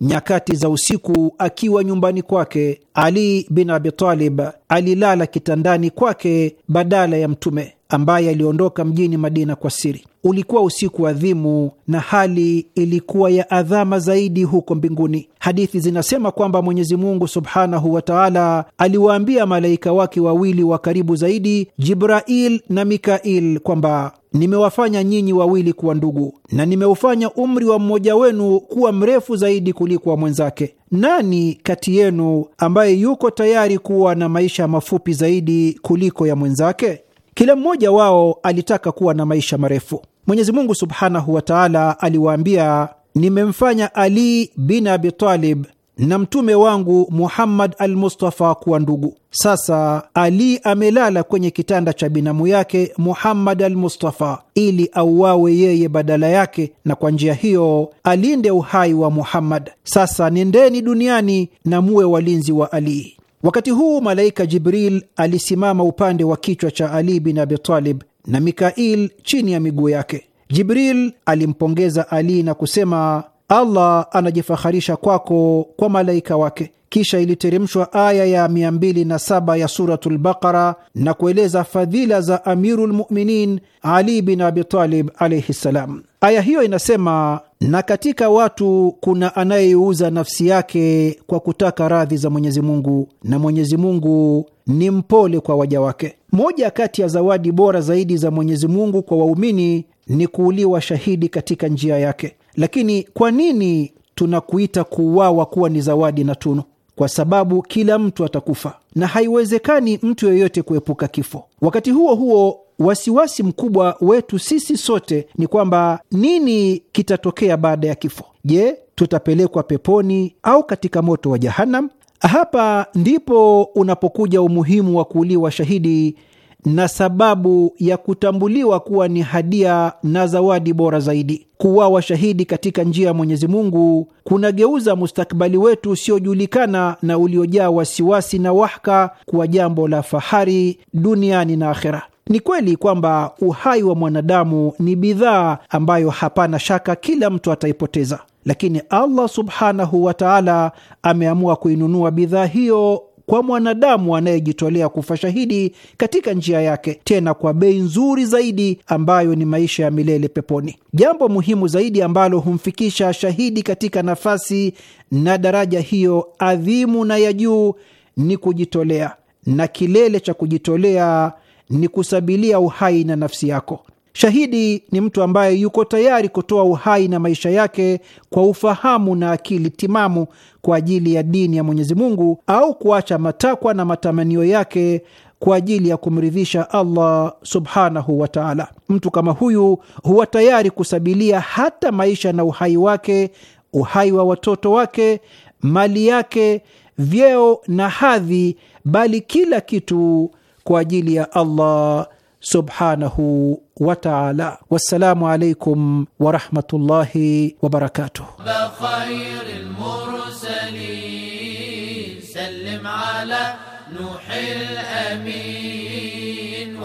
nyakati za usiku akiwa nyumbani kwake, Ali bin Abitalib alilala kitandani kwake badala ya Mtume ambaye aliondoka mjini Madina kwa siri. Ulikuwa usiku adhimu na hali ilikuwa ya adhama zaidi huko mbinguni. Hadithi zinasema kwamba Mwenyezi Mungu subhanahu wa taala aliwaambia malaika wake wawili wa karibu zaidi, Jibrail na Mikail, kwamba nimewafanya nyinyi wawili kuwa ndugu na nimeufanya umri wa mmoja wenu kuwa mrefu zaidi kuliko wa mwenzake. Nani kati yenu ambaye yuko tayari kuwa na maisha mafupi zaidi kuliko ya mwenzake? Kila mmoja wao alitaka kuwa na maisha marefu. Mwenyezi Mungu subhanahu wa taala aliwaambia nimemfanya Ali bin Abi Talib na mtume wangu Muhammad al-Mustafa kuwa ndugu. Sasa Ali amelala kwenye kitanda cha binamu yake Muhammad al-Mustafa ili auawe yeye badala yake, na kwa njia hiyo alinde uhai wa Muhammad. Sasa nendeni duniani na muwe walinzi wa Ali. Wakati huu malaika Jibril alisimama upande wa kichwa cha Ali bin Abi Talib na Mikail chini ya miguu yake. Jibril alimpongeza Ali na kusema, Allah anajifaharisha kwako kwa malaika wake. Kisha iliteremshwa aya ya 207 ya Suratul Baqara na kueleza fadhila za Amirul Muminin Ali bin Abi Talib alaihi ssalam. Aya hiyo inasema na katika watu kuna anayeiuza nafsi yake kwa kutaka radhi za Mwenyezi Mungu, na Mwenyezi Mungu ni mpole kwa waja wake. Moja kati ya zawadi bora zaidi za Mwenyezi Mungu kwa waumini ni kuuliwa shahidi katika njia yake. Lakini kwa nini tunakuita kuuawa kuwa ni zawadi na tunu? Kwa sababu kila mtu atakufa na haiwezekani mtu yeyote kuepuka kifo. Wakati huo huo wasiwasi mkubwa wetu sisi sote ni kwamba nini kitatokea baada ya kifo? Je, tutapelekwa peponi au katika moto wa Jahanam? Hapa ndipo unapokuja umuhimu wa kuuliwa shahidi na sababu ya kutambuliwa kuwa ni hadia na zawadi bora zaidi. Kuwawa shahidi katika njia ya Mwenyezi Mungu kunageuza mustakbali wetu usiojulikana na uliojaa wasiwasi na wahaka kuwa jambo la fahari duniani na akhera. Ni kweli kwamba uhai wa mwanadamu ni bidhaa ambayo hapana shaka kila mtu ataipoteza, lakini Allah subhanahu wa taala ameamua kuinunua bidhaa hiyo kwa mwanadamu anayejitolea kufa shahidi katika njia yake, tena kwa bei nzuri zaidi ambayo ni maisha ya milele peponi. Jambo muhimu zaidi ambalo humfikisha shahidi katika nafasi na daraja hiyo adhimu na ya juu ni kujitolea, na kilele cha kujitolea ni kusabilia uhai na nafsi yako. Shahidi ni mtu ambaye yuko tayari kutoa uhai na maisha yake kwa ufahamu na akili timamu kwa ajili ya dini ya Mwenyezi Mungu au kuacha matakwa na matamanio yake kwa ajili ya kumridhisha Allah subhanahu wa taala. Mtu kama huyu huwa tayari kusabilia hata maisha na uhai wake, uhai wa watoto wake, mali yake, vyeo na hadhi, bali kila kitu kwa ajili ya Allah subhanahu wa taala. Wassalamu alaikum warahmatullahi wabarakatuh.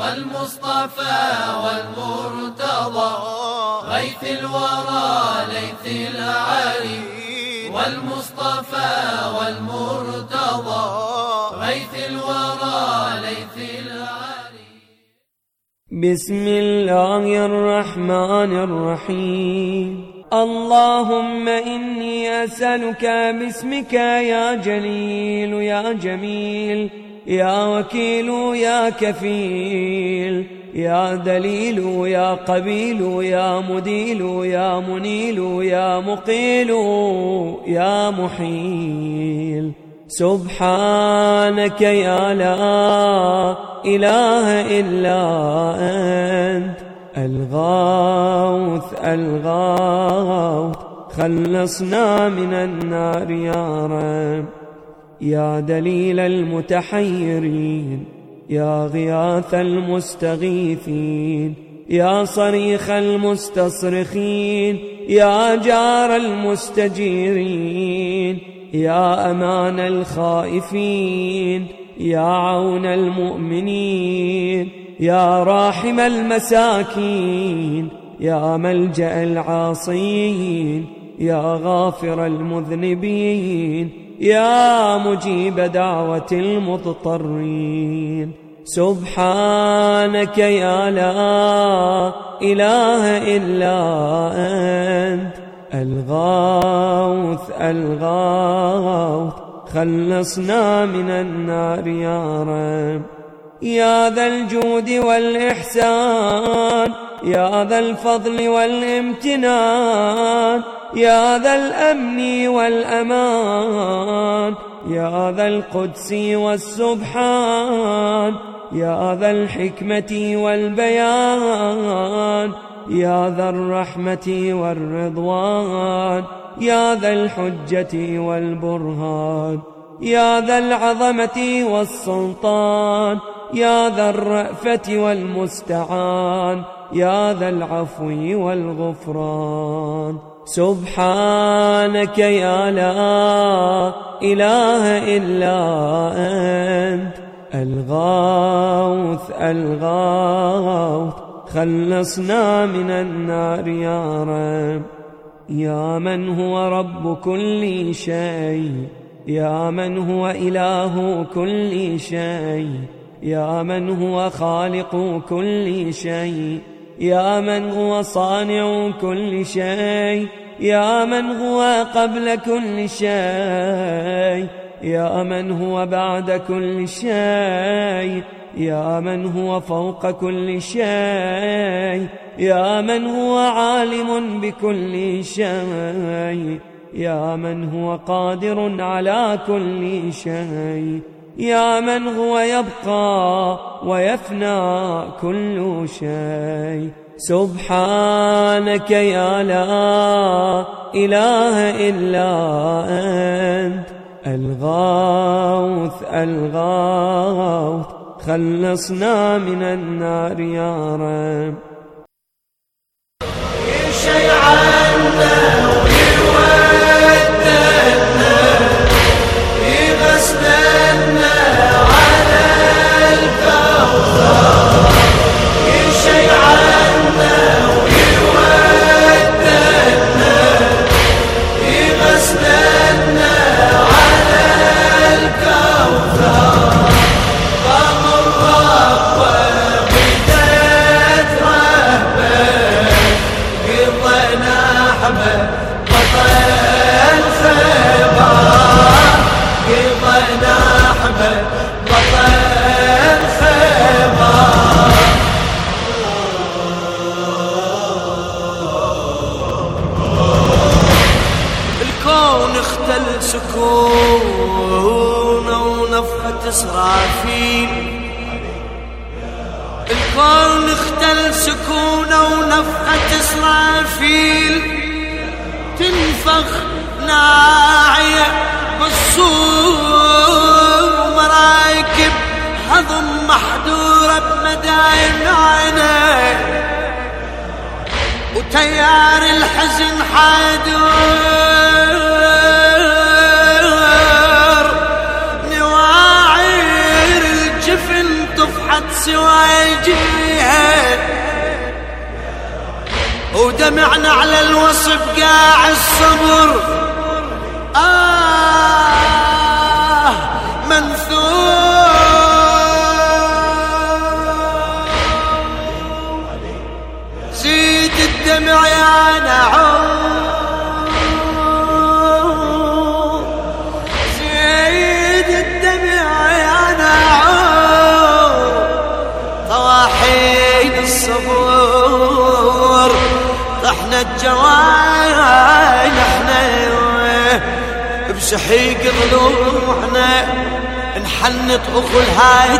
والمصطفى والمرتضى غيث الورى ليث العري والمصطفى والمرتضى بسم الله الرحمن الرحيم اللهم إني أسألك باسمك يا جليل يا جميل يا وكيل يا كفيل يا دليل يا قبيل يا مديل يا منيل يا مقيل يا محيل سبحانك يا لا إله إلا أنت الغوث الغوث خلصنا من النار يا رب يا دليل المتحيرين يا غياث المستغيثين يا صريخ المستصرخين يا جار المستجيرين يا أمان الخائفين يا عون المؤمنين يا راحم المساكين يا ملجأ العاصين يا غافر المذنبين يا مجيب دعوة المضطرين سبحانك يا لا إله إلا أنت الغوث الغوث خلصنا من النار يا رب يا ذا الجود والإحسان يا ذا الفضل والامتنان يا ذا الأمن والأمان يا ذا القدس والسبحان يا ذا الحكمة والبيان يا ذا الرحمة والرضوان يا ذا الحجة والبرهان يا ذا العظمة والسلطان يا ذا الرأفة والمستعان يا ذا العفو والغفران سبحانك يا لا إله إلا أنت الغاوث الغاوث خلصنا من النار يا رب يا من هو رب كل شيء يا من هو إله كل شيء يا من هو خالق كل شيء يا من هو صانع كل شيء يا من هو قبل كل شيء يا من هو بعد كل شيء يا من هو فوق كل شيء يا من هو عالم بكل شيء يا من هو قادر على كل شيء يا من هو يبقى ويفنى كل شيء سبحانك يا لا إله إلا أنت الغوث الغوث خلصنا من النار يا رب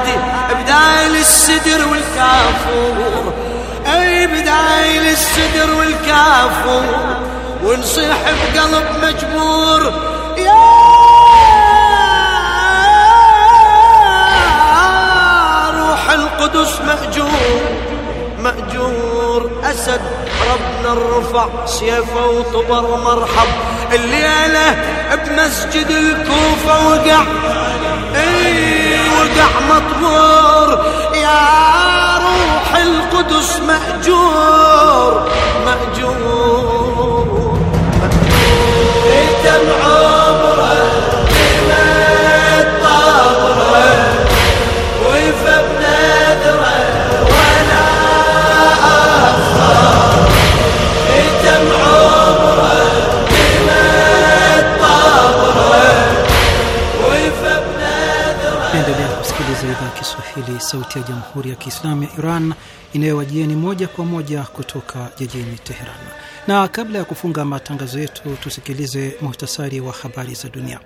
هادي بداية السدر والكافور اي بداية السدر والكافور ونصيح بقلب مجبور يا روح القدس مأجور مأجور أسد ربنا الرفع سيفه وطبر مرحب الليلة بمسجد الكوفة وقع أي يفتح مطبور يا روح القدس مأجور مأجور مأجور إيه Sauti ya Jamhuri ya Kiislamu ya Iran inayowajieni moja kwa moja kutoka jijini Teheran. Na kabla ya kufunga matangazo yetu, tusikilize muhtasari wa habari za dunia.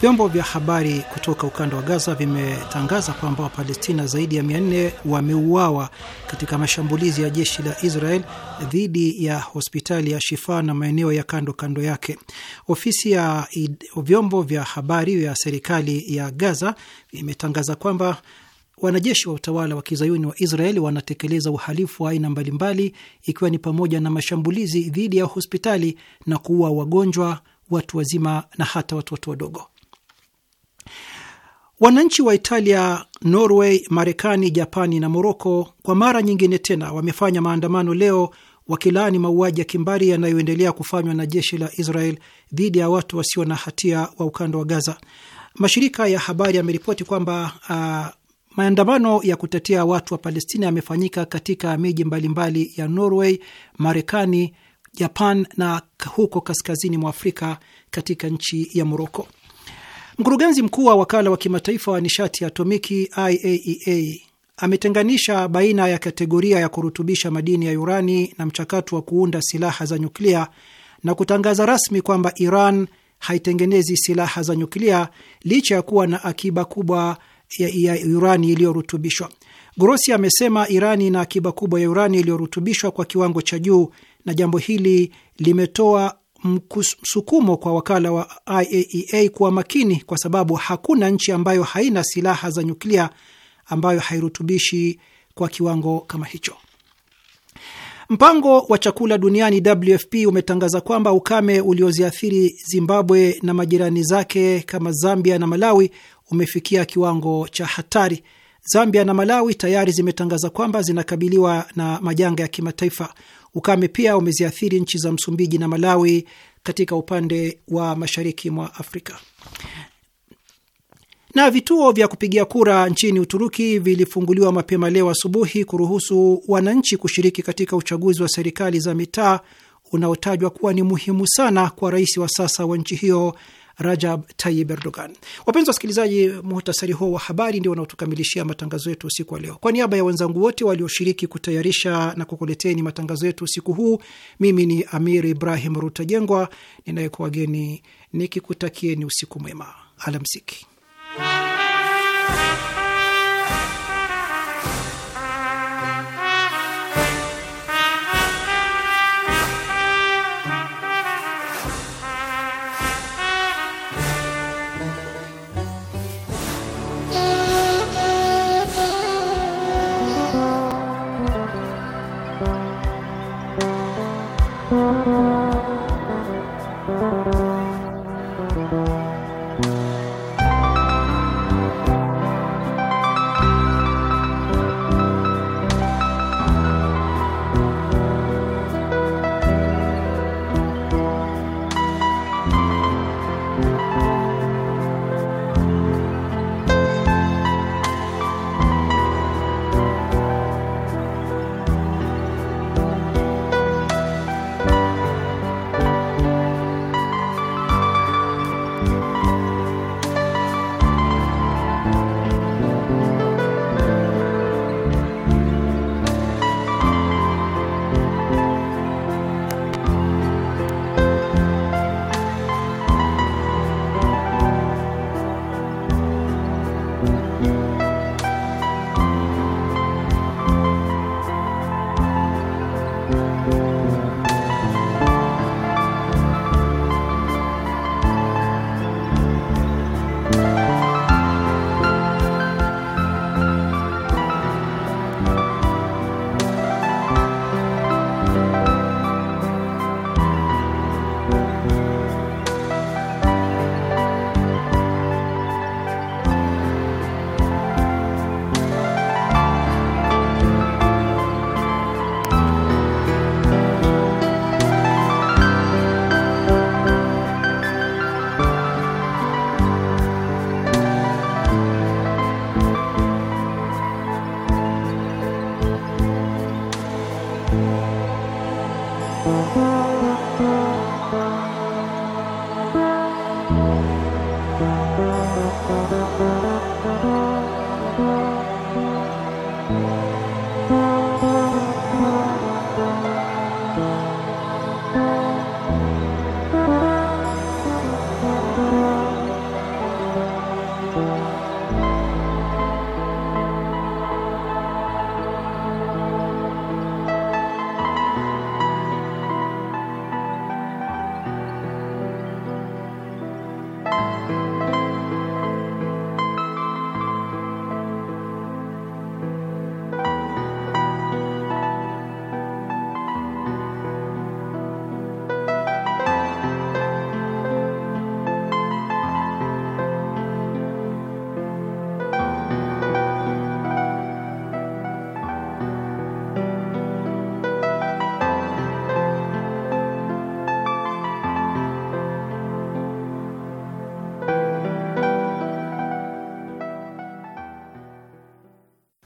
Vyombo vya habari kutoka ukanda wa Gaza vimetangaza kwamba Wapalestina zaidi ya 400 wameuawa katika mashambulizi ya jeshi la Israel dhidi ya hospitali ya Shifa na maeneo ya kando kando yake. Ofisi ya vyombo vya habari vya serikali ya Gaza vimetangaza kwamba Wanajeshi wa utawala wa kizayuni wa Israeli wanatekeleza uhalifu wa aina mbalimbali, ikiwa ni pamoja na mashambulizi dhidi ya hospitali na kuua wagonjwa, watu wazima na hata watoto wadogo. Wananchi wa Italia, Norway, Marekani, Japani na Moroko kwa mara nyingine tena wamefanya maandamano leo wakilaani mauaji ya kimbari yanayoendelea kufanywa na jeshi la Israel dhidi ya watu wasio na hatia wa ukanda wa Gaza. Mashirika ya habari yameripoti kwamba uh, Maandamano ya kutetea watu wa Palestina yamefanyika katika miji mbalimbali ya Norway, Marekani, Japan na huko kaskazini mwa Afrika katika nchi ya Moroko. Mkurugenzi mkuu wa wakala wa kimataifa wa nishati ya atomiki IAEA e ametenganisha baina ya kategoria ya kurutubisha madini ya urani na mchakato wa kuunda silaha za nyuklia na kutangaza rasmi kwamba Iran haitengenezi silaha za nyuklia licha ya kuwa na akiba kubwa ya, ya urani iliyorutubishwa. Grossi amesema Irani ina akiba kubwa ya urani iliyorutubishwa kwa kiwango cha juu, na jambo hili limetoa msukumo kwa wakala wa IAEA e kuwa makini, kwa sababu hakuna nchi ambayo haina silaha za nyuklia ambayo hairutubishi kwa kiwango kama hicho. Mpango wa chakula duniani WFP umetangaza kwamba ukame ulioziathiri Zimbabwe na majirani zake kama Zambia na Malawi umefikia kiwango cha hatari. Zambia na Malawi tayari zimetangaza kwamba zinakabiliwa na majanga ya kimataifa. Ukame pia umeziathiri nchi za Msumbiji na Malawi katika upande wa mashariki mwa Afrika. Na vituo vya kupigia kura nchini Uturuki vilifunguliwa mapema leo asubuhi kuruhusu wananchi kushiriki katika uchaguzi wa serikali za mitaa unaotajwa kuwa ni muhimu sana kwa rais wa sasa wa nchi hiyo Rajab tayib Erdogan. Wapenzi wasikilizaji, muhtasari huo wa habari ndio wanaotukamilishia matangazo yetu usiku wa leo. Kwa niaba ya wenzangu wote walioshiriki kutayarisha na kukuleteni matangazo yetu usiku huu, mimi ni Amir Ibrahim Rutajengwa ninayekuwageni nikikutakieni usiku mwema, alamsiki.